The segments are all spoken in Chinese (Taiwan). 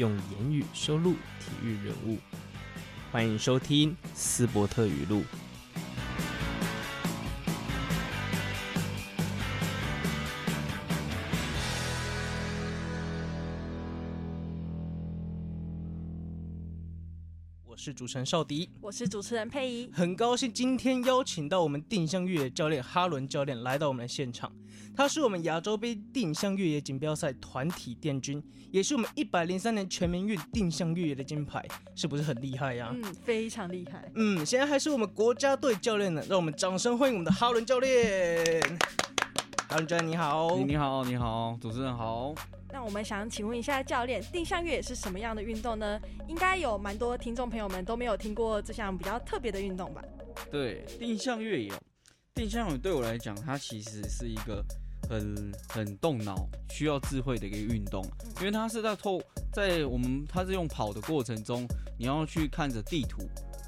用言語收錄體育人物，歡迎收聽斯伯特語錄。是主持人邵迪，我是主持人佩儀，很高興今天邀請到我們定向越野教練哈綸教練來到我們的現場，他是我們亞洲杯定向越野錦標賽團體殿軍，也是我們一百零三年全民運定向越野的金牌，是不是很厲害呀？啊？嗯，非常厲害。嗯，現在還是我們國家隊教練呢，讓我們掌聲歡迎我們的哈綸教練。教練你好，你好你好，主持人好。那我們想請問一下，教練，定向越野是什麼樣的運動呢？應該有蠻多聽眾朋友們都沒有聽過這項比較特別的運動吧？對，定向越野，定向越野對我來講，它其實是一個很很動腦、需要智慧的一個運動，嗯、因為它是在透在我們它是用跑的過程中，你要去看着地圖。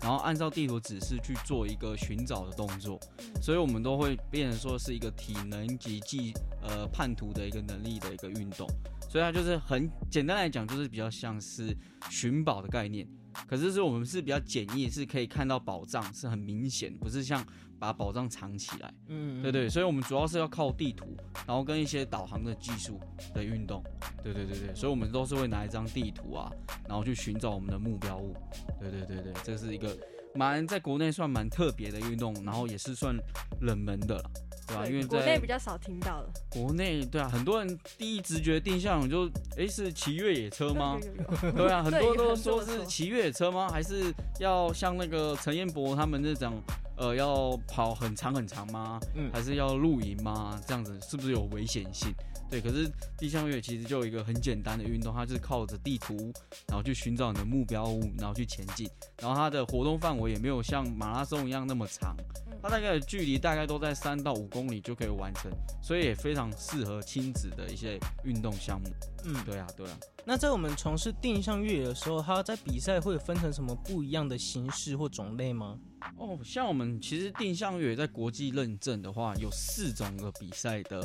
然後按照地圖指示去做一個尋找的動作，所以我們都會變成說是一個體能及技呃判圖的一個能力的一個運動，所以它就是很簡單來講，就是比較像是尋寶的概念。可是是我們是比較簡易，是可以看到寶藏，是很明顯，不是像把寶藏藏起來，嗯，嗯，對，對對，所以我們主要是要靠地圖，然後跟一些導航的技術的運動，對對對對，所以我們都是會拿一張地圖啊，然後去尋找我們的目標物，對對對對，對，這是一個蠻在國內算蠻特別的運動，然後也是算冷門的了。對吧，因為國內比較少聽到了。國內對啊，很多人第一直覺定向就誒、欸、是騎越野車嗎？ 對啊，很多都說是騎越野車嗎？還是要像那個陳彥博他們那種，呃，要跑很長很長嗎？還是要露營嗎？這樣子是不是有危險性？對，可是定向越野其實就有一個很簡單的運動，它就是靠着地圖，然後去尋找你的目標物，然後去前進，然後它的活動範圍也沒有像馬拉松一樣那麼長。它大概的距離大概都在三到五公里就可以完成，所以也非常適合親子的一些運動項目。嗯，對啊，對啊。那在我們從事定向越野的時候，它在比賽會分成什麼不一樣的形式或種類嗎？哦，像我們其實定向越野在國際認證的話，有四種個比賽的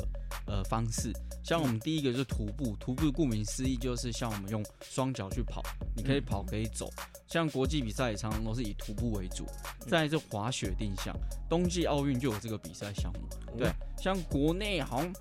呃方式。像我們第一個就是徒步，徒步顧名思義就是像我們用雙腳去跑，你可以跑可以走。嗯、像國際比賽也常常都是以徒步為主。嗯、再來是滑雪定向，冬季奧運就有這個比賽項目。嗯、對，像國內好像。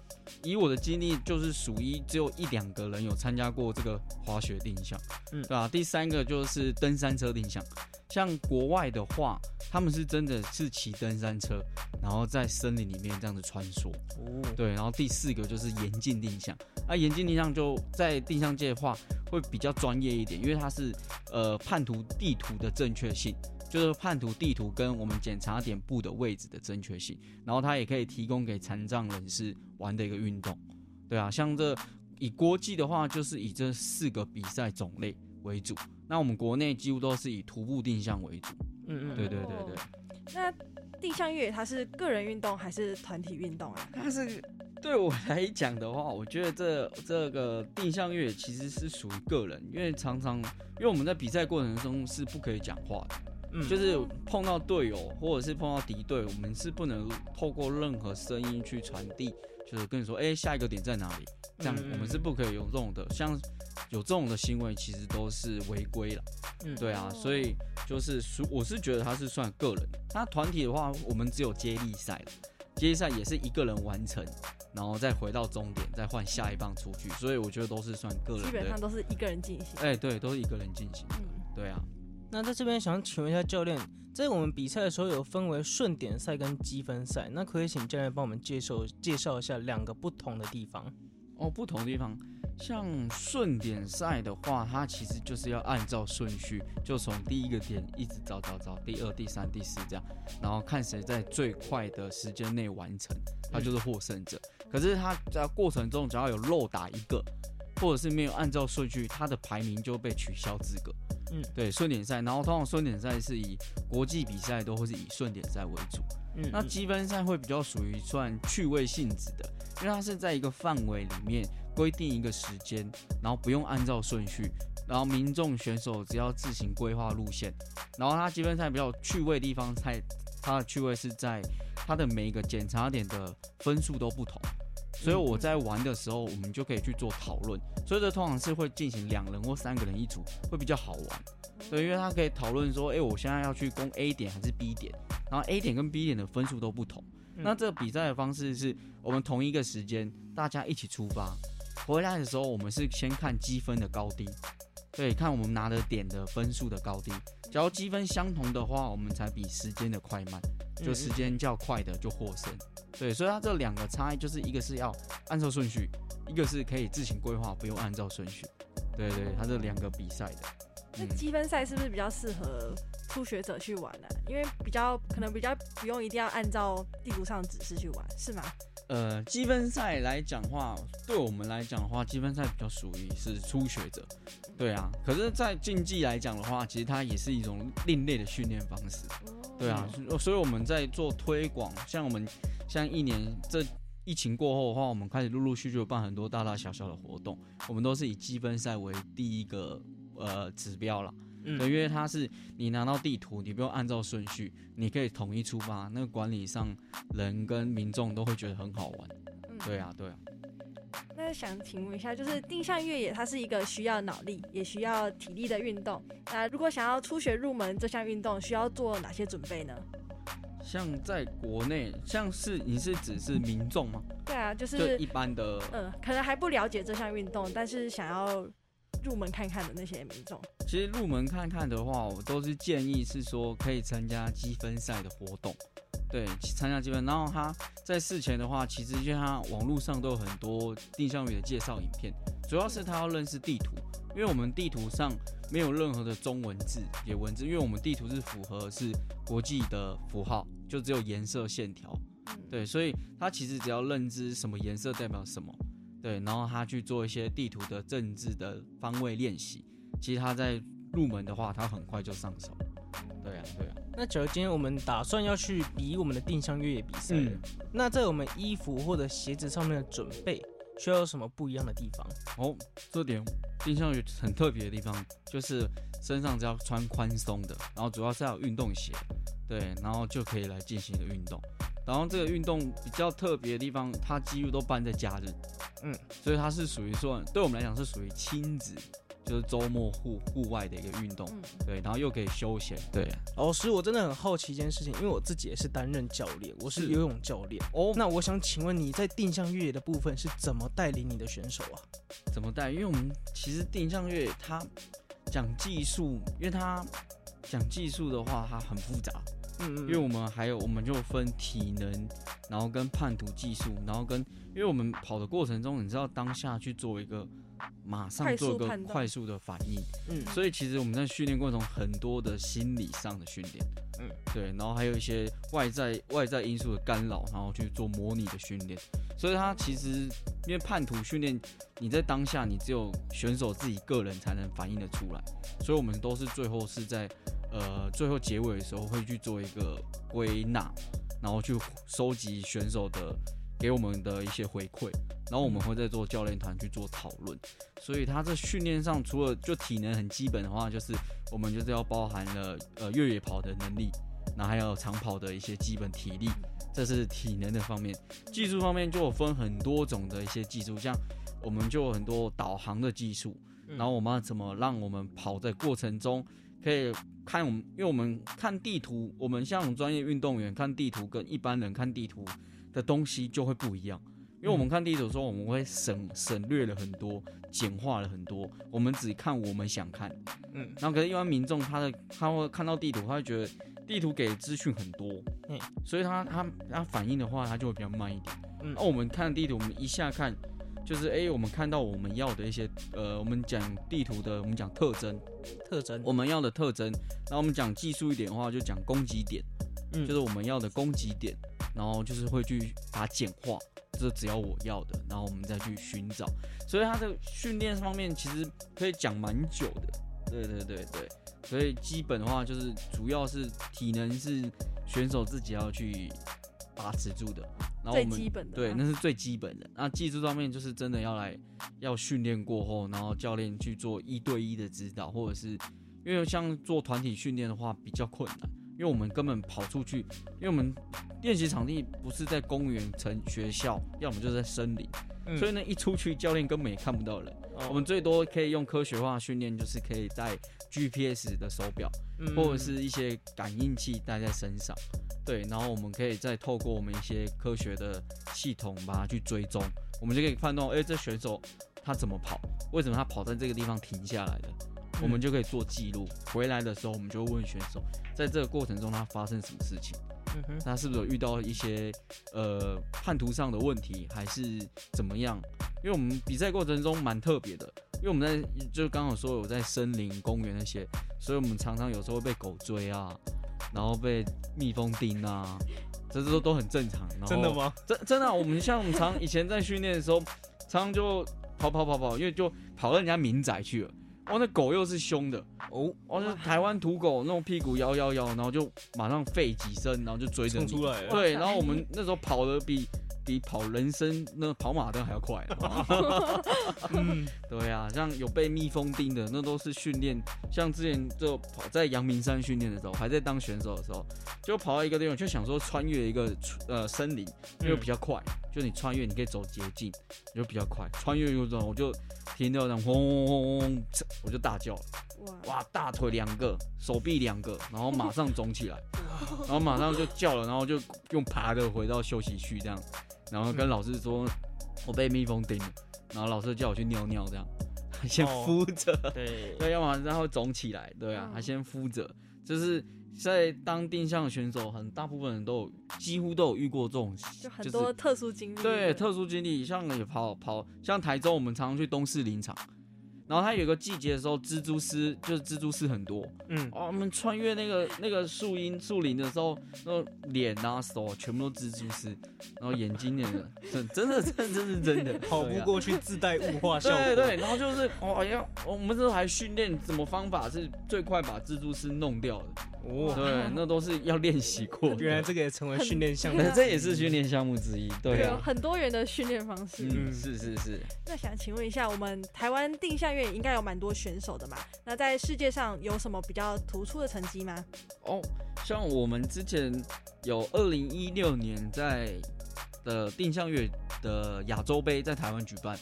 以我的經歷，就是屬於只有一兩個人有參加過這個滑雪定向，嗯，對吧、啊？第三個就是登山車定向，像國外的話，他們是真的是騎登山車，然後在森林裡面這樣子穿梭，哦，對。然後第四個就是嚴禁定向，那、啊、嚴禁定向就在定向界的話會比較專業一點，因為它是呃，判圖地圖的正確性，就是判圖地圖跟我們檢查點布的位置的正確性，然後它也可以提供給殘障人士。玩的一個運動，對啊，像這以國際的話，就是以這四個比賽種類為主。那我們國內幾乎都是以徒步定向為主。嗯，嗯，對對對對、哦。那定向越野它是個人運動還是團體運動啊？它是對我來講的話，我覺得這這個定向越野其實是屬於個人，因為常常因為我們在比賽過程中是不可以講話的，嗯，嗯，就是碰到隊友或者是碰到敵對，我們是不能透過任何聲音去傳遞。就是跟你說，哎，下一個點在哪裡？這樣我們是不可以用這種的，像有這種的行為，其實都是違規了。嗯，對啊，所以就是，我是覺得他是算個人。那團體的話，我們只有接力賽，接力賽也是一個人完成，然後再回到終點，再換下一棒出去。所以我覺得都是算個人。基本上都是一個人進行。哎，對，都是一個人進行。嗯，對啊。那在這邊想請問一下教練，在我們比賽的時候有分為順點賽跟積分賽，那可以請教練幫我們介紹介紹一下兩個不同的地方。哦，不同的地方，像順點賽的話，它其實就是要按照順序，就從第一個點一直找找找，第二、第三、第四這樣，然後看誰在最快的時間內完成，他就是獲勝者。嗯。可是他在過程中只要有漏打一個，或者是沒有按照順序，他的排名就被取消資格。嗯，對，順點賽，然後通常順點賽是以國際比賽都會是以順點賽為主。嗯，嗯，那積分賽會比較屬於算趣味性質的，因為它是在一個範圍裡面規定一個時間，然後不用按照順序，然後民眾選手只要自行規劃路線。然後它積分賽比較有趣味的地方在它，的趣味是在它的每一個檢查點的分數都不同。所以我在玩的時候，我們就可以去做討論。所以這通常是會進行兩人或三個人一組，會比較好玩。對，因為他可以討論說，誒，我現在要去攻 A 點還是 B 點？然後 A 點跟 B 點的分數都不同。那這個比賽的方式是我們同一個時間大家一起出發，回來的時候我們是先看積分的高低。對，看我們拿的點的分數的高低，假如積分相同的話，我們才比時間的快慢，就時間較快的就獲勝。嗯、對，所以它這兩個差異就是一個是要按照順序，一個是可以自行規劃，不用按照順序。對，對，對，它這兩個比賽的，嗯、那積分賽是不是比較適合初學者去玩呢？啊？因為比較可能比較不用一定要按照地圖上的指示去玩，是嗎？呃，積分賽來講的話，對我們來講的話，積分賽比較屬於是初學者，對啊。可是，在競技來講的話，其實它也是一種另類的訓練方式，對啊。所以我們在做推廣，像我們像一年這疫情過後的話，我們開始陸陸續續有辦很多大大小小的活動，我們都是以積分賽為第一個呃指標啦。嗯、因為它是你拿到地圖，你不用按照順序，你可以統一出發，那個管理上人跟民眾都會覺得很好玩。嗯、對啊，對啊。那想請問一下，就是定向越野，它是一個需要腦力也需要體力的運動。那如果想要初學入門這項運動，需要做哪些準備呢？像在國內，像是你是指是民眾嗎？對啊，就是就一般的。嗯，可能還不了解這項運動，但是想要。入門看看的那些民眾，其實入門看看的話，我都是建議是說可以參加積分賽的活動，對，參加積分。然後他在事前的話，其實就他網絡上都有很多定向越野的介紹影片，主要是他要認識地圖，因為我們地圖上沒有任何的中文字也文字，因為我們地圖是符合是國際的符號，就只有顏色線條，對，所以他其實只要認知什麼顏色代表什麼。對，然後他去做一些地圖的政治的方位練習。其實他在入門的話，他很快就上手。對啊，對啊。那假如今天我們打算要去比我們的定向越野比賽，嗯、那在我們衣服或者鞋子上面的準備需要有什麼不一樣的地方？哦，這點定向越野很特別的地方就是身上只要穿寬鬆的，然後主要是要有運動鞋，對，然後就可以來進行運動。然後這個運動比較特別的地方，它幾乎都辦在假日，嗯，所以它是屬於算，對我們來講是屬於親子，就是周末戶戶外的一個運動，嗯、對，然後又可以休閒，對。老師，我真的很好奇一件事情，因為我自己也是擔任教練，我是游泳教練哦。是那我想請問你在定向越野的部分是怎麼帶領你的選手啊？怎麼帶？因為我們其實定向越野它講技術，因為它講技術的話，它很複雜。嗯，因為我們還有，我們就分體能，然後跟判圖技術，然後跟，因為我們跑的過程中，你知道當下去做一個，馬上做一個快速的反應，嗯，所以其實我們在訓練過程中很多的心理上的訓練，嗯，對，然後還有一些外在外在因素的干擾，然後去做模擬的訓練，所以它其實因為判圖訓練，你在當下你只有選手自己個人才能反應得出來，所以我們都是最後是在。呃，最後結尾的時候會去做一個歸納，然後去收集選手的給我們的一些回饋，然後我們會再做教練團去做討論。所以他這訓練上除了就體能很基本的話，就是我們就是要包含了呃越野跑的能力，那還有長跑的一些基本體力，這是體能的方面。技術方面就有分很多種的一些技術，像我們就有很多導航的技術，然後我們要怎麼讓我們跑在過程中。可以看我們，因為我們看地圖，我們像專業運動員看地圖，跟一般人看地圖的東西就會不一樣。因為我們看地圖的時候，我們會省省略了很多，簡化了很多，我們只看我們想看。嗯，然後可是一般民眾他的他會看到地圖，他會覺得地圖給的資訊很多，嗯，所以他他他反應的話，他就會比較慢一點。嗯，那我們看地圖，我們一下看。就是哎、欸，我們看到我們要的一些，呃，我們講地圖的，我們講特徵、特徵，我們要的特徵。那我們講技術一點的話，就講攻擊點，嗯，就是我們要的攻擊點，然後就是會去把它簡化，這只要我要的，然後我們再去尋找。所以它的訓練方面其實可以講蠻久的，對對對對。所以基本的話就是主要是體能是選手自己要去把持住的。然後我們最基本的對，那是最基本的。那技術上面就是真的要來，要訓練過後，然後教練去做一對一的指導，或者是因為像做團體訓練的話比較困難，因為我們根本跑出去，因為我們練習場地不是在公園、城、學校，要麼就是在森林，嗯、所以呢，一出去教練根本也看不到人。哦、我們最多可以用科學化的訓練，就是可以戴 GPS 的手表、嗯、或者是一些感應器戴在身上。對，然後我們可以再透過我們一些科學的系統把它去追蹤，我們就可以判斷，哎，這選手他怎麼跑？為什麼他跑在這個地方停下來的？我們就可以做記錄。回來的時候，我們就問選手，在這個過程中他發生什麼事情？嗯哼，他是不是有遇到一些呃叛徒上的問題，還是怎麼樣？因為我們比賽過程中蠻特別的，因為我們在就剛好說有在森林公園那些，所以我們常常有時候會被狗追啊。然後被蜜蜂叮啊，這這都都很正常。真的嗎？真真的、啊，我們像常以前在訓練的時候， 常常就跑跑跑跑，因為就跑到人家民宅去了。後、哦、那狗又是兇的哦，哦 oh、my 就那台灣土狗那種屁股搖搖搖搖，然後就馬上吠幾聲，然後就追着你。衝出來了。對，然後我們那時候跑的比。比跑人生那個跑馬燈還要快， 嗯，對呀、啊，像有被蜜蜂叮的，那都是訓練。像之前就跑在陽明山訓練的時候，還在當選手的時候，就跑到一個地方，就想說穿越一個呃森林，就比較快。嗯、就你穿越，你可以走捷徑，就比較快。穿越有種，我就聽到那種轟轟轟轟，我就大叫了，哇，哇，大腿兩個，手臂兩個，然後馬上腫起來， 然後馬上就叫了，然後就用爬的回到休息區，這樣。然後跟老師說，嗯、我被蜜蜂叮了，然後老師叫我去尿尿，這樣，還先敷着，哦、對，對，要不然它會腫起來，對啊，哦、還先敷着，就是在當定向選手，很大部分人都有幾乎都有遇過這種，就很多、就是、特殊經歷，對，對對特殊經歷，像也跑跑，像台中，我們常常去東勢林場。然後它有個季節的時候，蜘蛛絲就是蜘蛛絲很多。嗯、哦，我們穿越那個那個樹蔭樹林的時候，那個、臉啊手全部都蜘蛛絲，然後眼睛那個，真真的真真是真的，跑不過去自帶霧化效果對。對對對，然後就是哦要，我們這時候還訓練什麼方法是最快把蜘蛛絲弄掉的。哦，對，哇那都是要練習過。原來這個也成為訓練項目，那、啊、這也是訓練項目之一。對、啊，有很多元的訓練方式。嗯，是是是。那想請問一下，我們台灣定向越野應該有蠻多選手的嘛？那在世界上有什麼比較突出的成績嗎？哦，像我們之前有二零一六年在的定向越野的亞洲杯在台灣舉辦，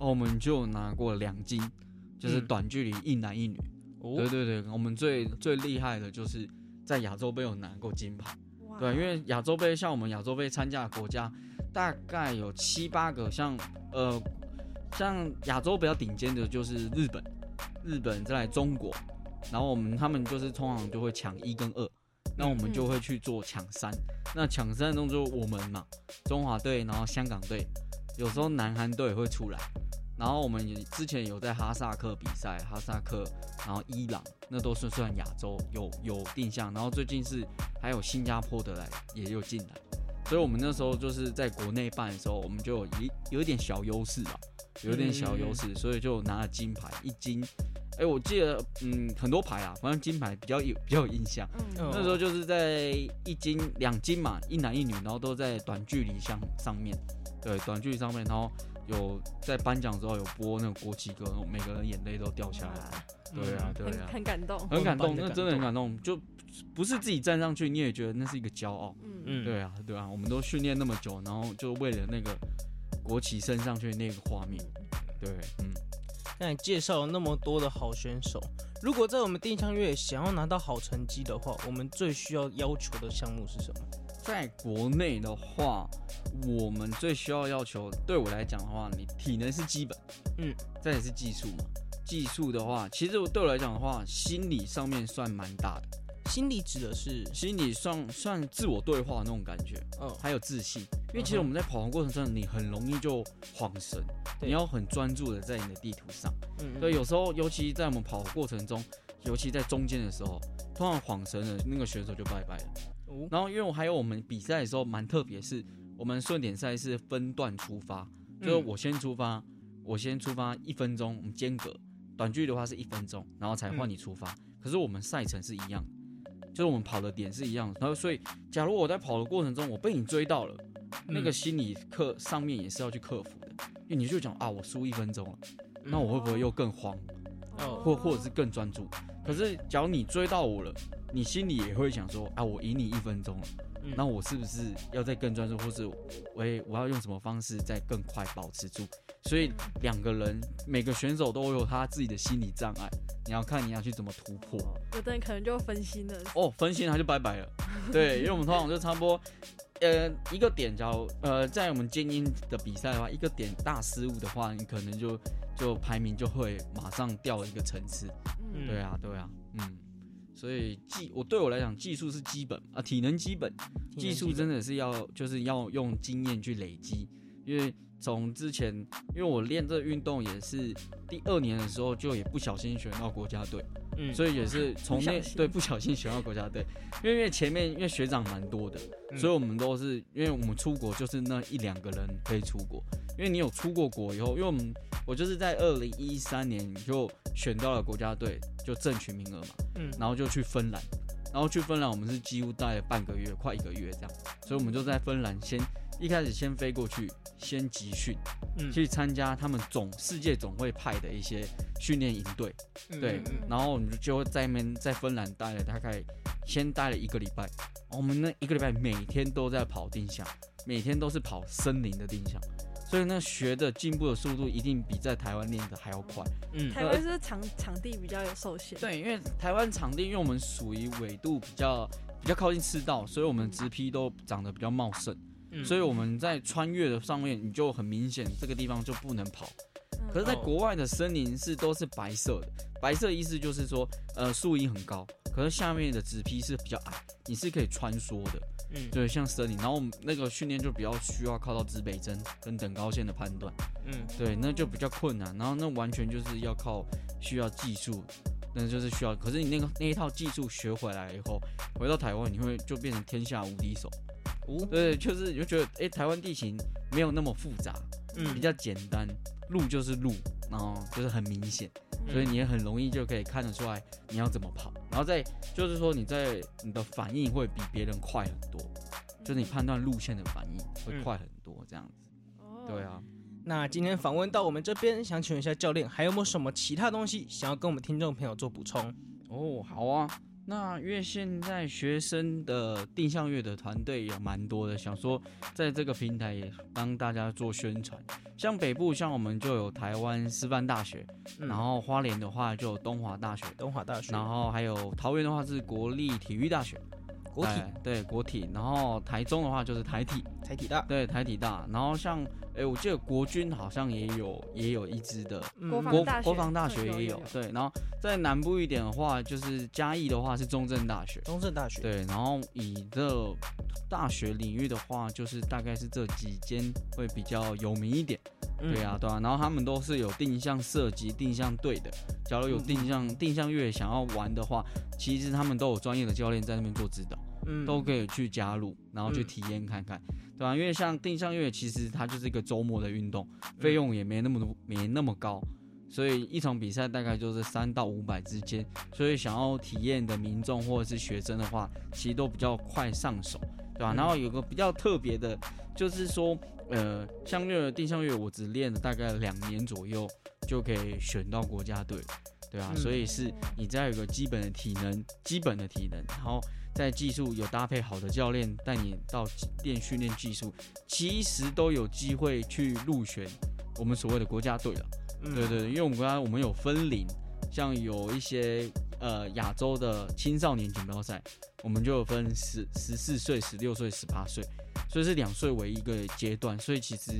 我們就拿過兩金，就是短距離一男一女。嗯對對對，我們最最厲害的就是在亞洲盃有拿過金牌。對，因為亞洲盃像我們亞洲盃參加的國家大概有七八個像，像呃像亞洲比較頂尖的就是日本，日本再來中國，然後我們他們就是通常就會搶一跟二，那我們就會去做搶三。那搶三的動作我們嘛，中華隊，然後香港隊，有時候南韓隊也會出來。然後我們也之前有在哈薩克比賽，哈薩克，然後伊朗，那都是算亞洲，有有定向，然後最近是還有新加坡的來也有進來，所以我們那時候就是在國內辦的時候，我們就有一有一點小優勢吧，有一點小優勢，嗯嗯，所以就拿了金牌一金，哎、欸，我記得嗯很多牌啊，反正金牌比較有比較有印象，嗯哦、那時候就是在一金兩金嘛，一男一女，然後都在短距離項上面，對，短距離上面，然後。有在頒獎之後有播那個國旗歌，每個人眼淚都掉下來。對啊，對啊，啊、很感動，很感動，那真的很感動，就不是自己站上去，你也覺得那是一個驕傲。嗯嗯，對啊，對啊，啊、我們都訓練那麼久，然後就為了那個國旗升上去那個畫面。對，嗯。那你介紹那麼多的好選手，如果在我們定向越野想要拿到好成績的話，我們最需要要求的項目是什麼？在國內的話，我們最需要要求，對我來講的話，你體能是基本，嗯，再來是技術嘛。技術的話，其實我對我來講的話，心理上面算蠻大的。心理指的是心理上算，算自我對話的那種感覺，嗯、哦，還有自信。因為其實我們在跑的過程中，嗯、你很容易就恍神，對你要很專注的在你的地圖上，嗯，嗯，嗯，所以有時候尤其在我們跑的過程中，尤其在中間的時候，突然恍神了，那個選手就拜拜了。然後，因為我還有我們比賽的時候蠻特別，是我們順點賽是分段出發，就是我先出發，我先出發一分鐘，我們間隔短距離的話是一分鐘，然後才換你出發。可是我們賽程是一樣，就是我們跑的點是一樣，然後所以假如我在跑的過程中，我被你追到了，那個心理課上面也是要去克服的，因為你就講啊，我輸一分鐘了，那我會不會又更慌，或或者是更專注？可是假如你追到我了。你心裡也會想說，啊，我贏你一分鐘了，嗯、那我是不是要再更專注，或是我也我要用什麼方式再更快保持住？所以兩個人每個選手都有他自己的心理障礙，你要看你要去怎麼突破。有的人可能就分心了，哦，分心他就拜拜了。白白了 對，因為我們通常就差不多，呃，一個點，假如，呃，在我們精英的比賽的話，一個點大失誤的話，你可能就就排名就會馬上掉一個層次。嗯、對啊，對啊，嗯。.所以技，我對我來講，技術是基本啊，體能基本，技術真的是要就是要用經驗去累積。因為從之前，因為我練這個運動也是第二年的時候就也不小心選到國家隊，嗯，所以也是從那對不小心選到國家隊，因為因為前面因為學長蠻多的，所以我們都是因為我們出國就是那一兩個人可以出國。因為你有出過國以後，因為我們我就是在二零一三年就選到了國家隊，就正取名額嘛，嗯，然後就去芬蘭，然後去芬蘭，我們是幾乎待了半個月，快一個月這樣，所以我們就在芬蘭先一開始先飛過去，先集訓，嗯，去參加他們總世界總會派的一些訓練營隊，對，然後我們就在那邊在芬蘭待了大概先待了一個禮拜，我們那一個禮拜每天都在跑定向，每天都是跑森林的定向。所以呢，學的進步的速度一定比在台灣練的還要快。嗯，台灣是場、呃、場地比較有受限。對，因為台灣場地，因為我們屬於緯度比較比較靠近赤道，所以我們植被都長得比較茂盛。嗯，所以我們在穿越的上面，你就很明顯，這個地方就不能跑。可是，在國外的森林是都是白色的，白色意思就是說，呃，樹蔭很高，可是下面的植被是比較矮，你是可以穿梭的。嗯，對，像森林，然後那個訓練就比較需要靠到指北針跟等高線的判斷。嗯，對，那就比較困難，然後那完全就是要靠需要技術，那就是需要。可是你那個那一套技術學回來以後，回到台灣，你會就變成天下無敵手。哦、嗯，對，就是你就覺得，哎、欸，台灣地形沒有那麼複雜。嗯，比較簡單，路就是路，然後就是很明顯，所以你也很容易就可以看得出來你要怎麼跑。然後再就是說你在你的反應會比別人快很多，就是你判斷路線的反應會快很多這樣子。對啊，那今天訪問到我們這邊，想請問一下教練，還有沒有什麼其他東西想要跟我們聽眾朋友做補充？嗯，哦，好啊。那因為現在學生的定向越的團隊也蠻多的，想說在這個平台也幫大家做宣傳。像北部，像我們就有台灣師範大學，嗯、然後花蓮的話就有東華大學，東華大學，然後還有桃園的話是國立體育大學，國體，哎、對國體，然後台中的話就是台體，台體大，對台體大，然後像。哎、欸，我記得國軍好像也有，也有一支的，嗯、國國防，國防大學也有，有對。然後在南部一點的話，就是嘉義的話是中正大學，中正大學對。然後以這大學領域的話，就是大概是這幾間會比較有名一點，嗯、對啊，對啊。然後他們都是有定向設計、嗯、定向隊的，假如有定向、嗯、定向越野想要玩的話，其實他們都有專業的教練在那邊做指導。都可以去加入，然後去體驗看看，嗯、對吧、啊？因為像定向越野其實它就是一個周末的運動，費用也沒那麼多，嗯、沒那麼高，所以一場比賽大概就是三到五百之間。所以想要體驗的民眾或者是學生的話，其實都比較快上手，對吧、啊？嗯、然後有個比較特別的，就是說，呃，像這個定向越野我只練了大概兩年左右，就可以選到國家隊，對吧、啊？嗯、所以是你只要有個基本的體能，基本的體能，然後。在技術有搭配好的教練帶你到練訓練技術，其實都有機會去入選我們所謂的國家隊了。嗯、對，對對，因為我們國家我們有分齡，像有一些呃亞洲的青少年錦標賽，我們就有分十十四歲、十六歲、十八歲，所以是兩歲為一個階段。所以其實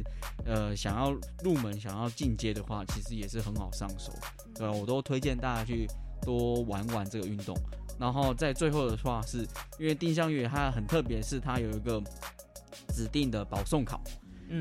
呃想要入門、想要進階的話，其實也是很好上手。嗯、對，我都推薦大家去多玩玩這個運動。然後在最後的話，是因為定向越野它很特別，是它有一個指定的保送考，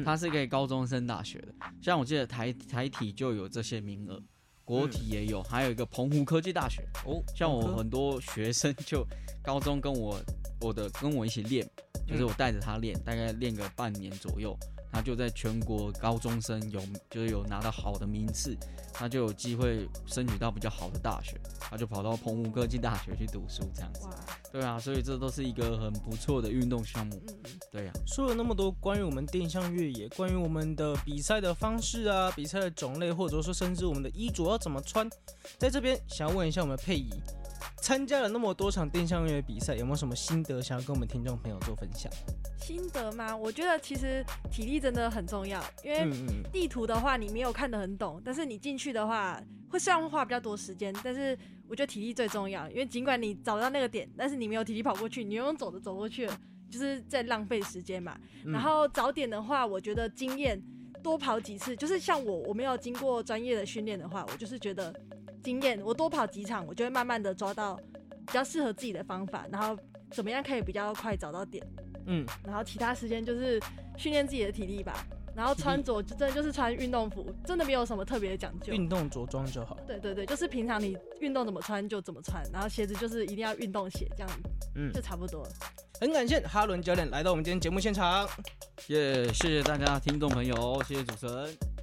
它是可以高中升大學的。像我記得台台體就有這些名額，國體也有，還有一個澎湖科技大學哦。像我很多學生就高中跟我我的跟我一起練，就是我帶着他練，大概練個半年左右。他就在全國高中生有，就有拿到好的名次，他就有機會申請到比較好的大學，他就跑到澎湖科技大學去讀書這樣子。哇對啊，所以這都是一個很不錯的運動項目。嗯、對呀、啊，說了那麼多關於我們定向越野，關於我們的比賽的方式啊，比賽的種類，或者說甚至我們的衣着要怎麼穿，在這邊想要問一下我們佩儀，參加了那麼多場定向越野比賽，有沒有什麼心得想要跟我們聽眾朋友做分享？心得嗎？我覺得其實體力真的很重要，因為地圖的話你沒有看得很懂，嗯嗯，但是你進去的話會雖然花比較多時間，但是我覺得體力最重要，因為儘管你找到那個點，但是你沒有體力跑過去，你又用走的走過去了，就是在浪費時間嘛。嗯、然後找點的話，我覺得經驗多跑幾次，就是像我我沒有經過專業的訓練的話，我就是覺得經驗我多跑幾場，我就會慢慢的抓到比較適合自己的方法，然後怎麼樣可以比較快找到點。嗯，然後其他時間就是訓練自己的體力吧，然後穿着就真的就是穿運動服，真的沒有什麼特別講究，運動着裝就好。對對對，就是平常你運動怎麼穿就怎麼穿，然後鞋子就是一定要運動鞋這樣，嗯，就差不多了、嗯。很感謝哈綸教練來到我們今天節目現場，也、yeah, 謝謝大家聽眾朋友，謝謝主持人。